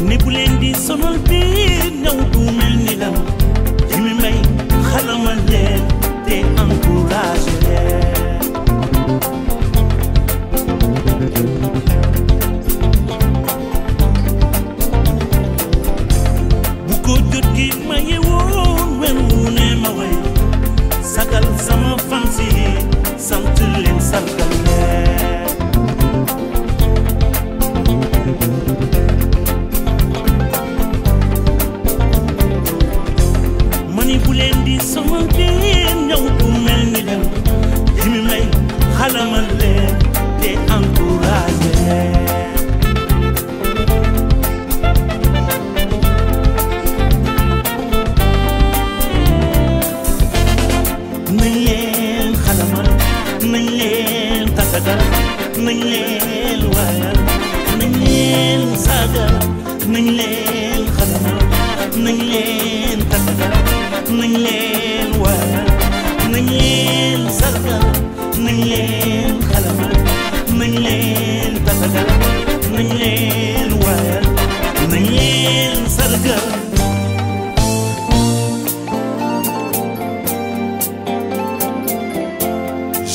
ni bu leen di sonal biir ñaw bu mel ni la li mi may xalamal leen te am sagal nañ leen waayal nañ leen sagal nañ leen xamal nañ leen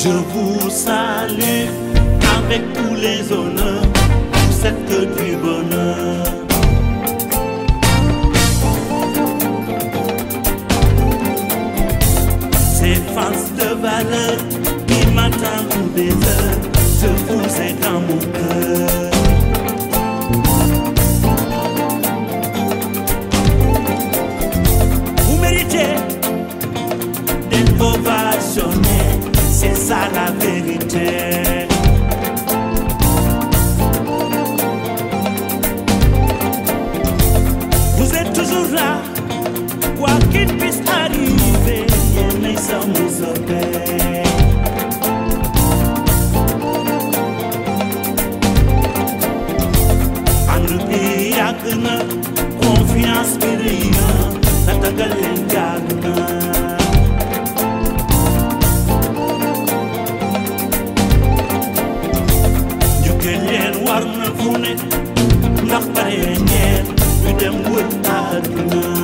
Je vous salue avec tous les honneurs, vous cette du bonheur. Ces faces de valeur qui m'attendent des beauté. Vous êtes toujours là, quoi qu'il puisse arriver, rien ne sommes obéis. Confiance, Piria, Natagalenga, Natagalenga. mu ne ndax pare ñeent ñu dem wër àdduna